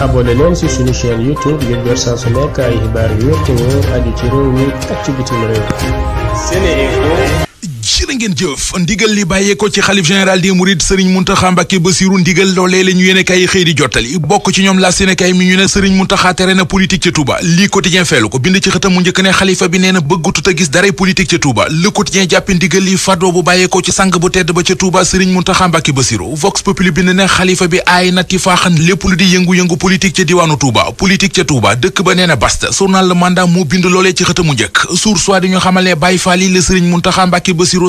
abonné leen ci suñu chaîne YouTube ngir jot saa su nekk yu wér te wóor aju ci réew ci bitim réew. jërë ngeen jëf ndigal li bàyyee ko ci xalif général des mourides sëriñ muntaxa mbàkke basiru ndigal loolee la ñu yéene kaay xëy di jottali bokk ci ñoom la seen kaay mi ñu ne sëriñ muntaxa tere na politique ca Touba lii quotidien feelu ko bind ci xëtam mu njëkk ne xalifa bi nee na bëggatut a gis daray politique ca Touba le quotidien jàppe ndigal li fadoo bu bàyyee ko ci sang bu tedd ba ca Touba sëriñ muntaxa mbàkke basiru vox populi bind ne xalifa bi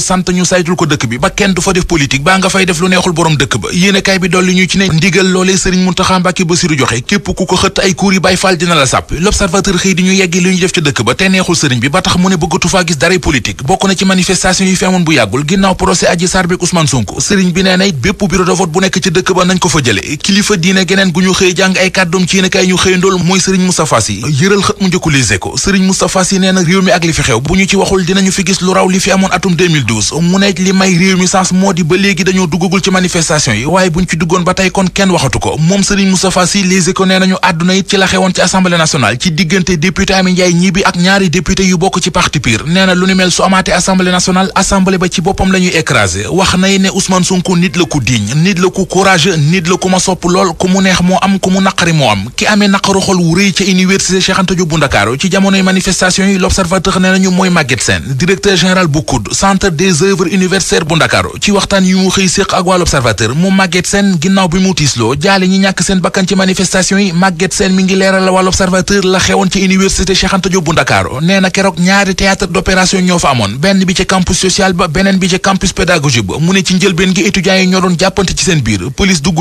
sant ñu saytul ko dëkk bi ba kenn du fa def politique baa nga fay def lu neexul borom dëkk ba yéene kaay bi dolli ñu ci ne ndigal loolee sëriñ Muntaxa Mbàkke Basiru joxe képp ku ko xëtt ay kuur yi Baay Faal dina la sàpp l'observateur xëy di ñu yeggi li ñu def ca dëkk ba te neexul sëriñ bi ba tax mu ne bëggatu faa gis daray politique bokk na ci manifestation yi fi amoon bu yàggul ginnaaw procès Adji Sarr bi Ousmane sëriñ bi nee na bépp bureau de vote news mu ne li may réew mi sens moo di ba léegi dañoo duggagul ci manifestation yi waaye buñ ci duggoon ba tey kon kenn waxatu ko moom Serigne Moustapha Sy les éco nee nañu àdduna it ci la xewoon ci assemblée nationale ci diggante député Amy Ndiaye Gniby ak ñaari député yu bokk ci parti PUR nee na lu ni mel su amaate assemblée nationale assemblée ba ci boppam la écrasé wax nay ne Ousmane Sonko nit la ku digne nit la ku courageux nit la ku ma sopp lool ku mu neex des œuvres universitaires bu ndakaaru ci waxtaan yu xëy séq ak waa l'observateur mu Maguette Sène ginnaaw bi mu tiisloo jaale ñi ñàkk seen bakkan ci manifestation yi Maguette Sène mi ngi leeral la waa la xewoon ci université Cheikh Anta bu ndakaaru nee keroog ñaari théâtre d'opération ñoo fa amoon benn bi ci campus social ba beneen bi ci campus pédagogique ba mu ne ci njëlbeen gi étudiants yi ñoo doon jàppante ci seen biir police dugg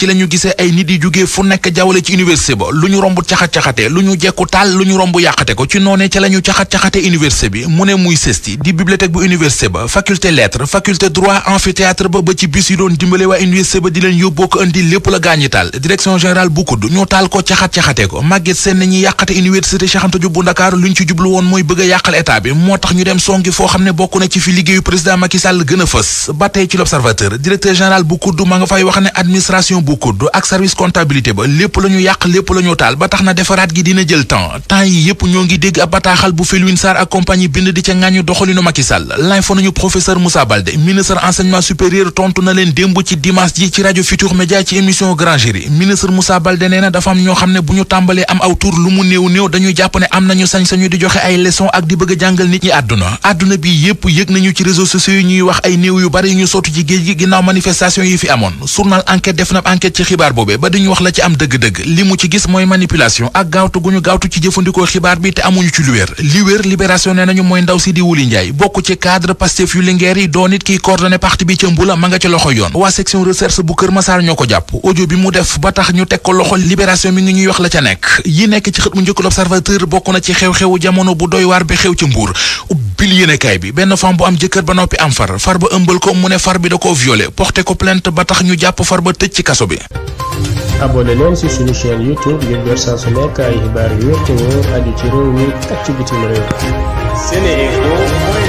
ci la ñu gisee ay nit yi jugee fu nekk jawale ci université ba lu ñu romb caxat-caxate lu ñu jekku taal lu ñu romb yàqate ko ci noonee ca la ñu caxat-caxate université bi mu ne muy sesti di bibliothèque bu université ba faculté lettres faculté droit amphithéâtre ba ba ci bis yi doon dimbale waa université ba di leen yóbboo ko indi lépp la gaañi taal direction générale bu kudd ñoo taal ko caxat-caxate ko màgget seen ñi yàqate université Cheikh Anta Diop bu Ndakaaru lu ñu ci jublu woon mooy bëgg a yàqal état bi moo tax ñu dem songi foo bokk na ci fi liggéeyu a fës ba tey ci l'observateur directeur général bu bu ak service comptabilité ba lépp la yàq lépp la taal ba tax na defaraat gi dina jël temps temps yi yépp ñoo ngi dégg ab bataaxal bu Felwine Sarr ak compagnie bind di ca ŋàññu doxalinu Macky Sall l'info nañu professeur Moussa Baldé ministre enseignement supérieur tontu na leen démb ci dimanche ji ci rajo Futur Média ci émission Grand Jury ministre Moussa Baldé nee na dafa am ñoo xam ne bu ñu tàmbalee am aw tur lu mu néew néew dañuy jàpp ne am nañu enquête ci xibaar boobee ba dañu wax la ci am dëgg-dëgg li mu ci gis mooy manipulation ak gaawtu gu ñu gaawtu ci jëfandikoo xibaar bi te amuñu ci lu wér li wér libération ne nañu mooy ndaw si di Njaay bokk ci cadre Pastef yu Linguère yi doon it kiy coordonné parti bi ca Mbula ma nga ci loxo yoon waa section recherche bu Kër Masaar ñoo ko jàpp audio bi mu def ba tax ñu teg ko loxo libération mi ngi ñuy wax la ca nekk yi nekk ci xët mu njëkk o bokk pil yéenekaay bi benn femme bu am jëkkër ba noppi am far far ba ëmbal ko mu ne far bi da koo violé porté ko plainte ba tax ñu jàpp far ba tëj ci kaso bi. abonné leen ci suñu chaîne youtube ngir jot saa su nekk ay xibaar yu wér te wóor aju ci réew mi ak bitim réew.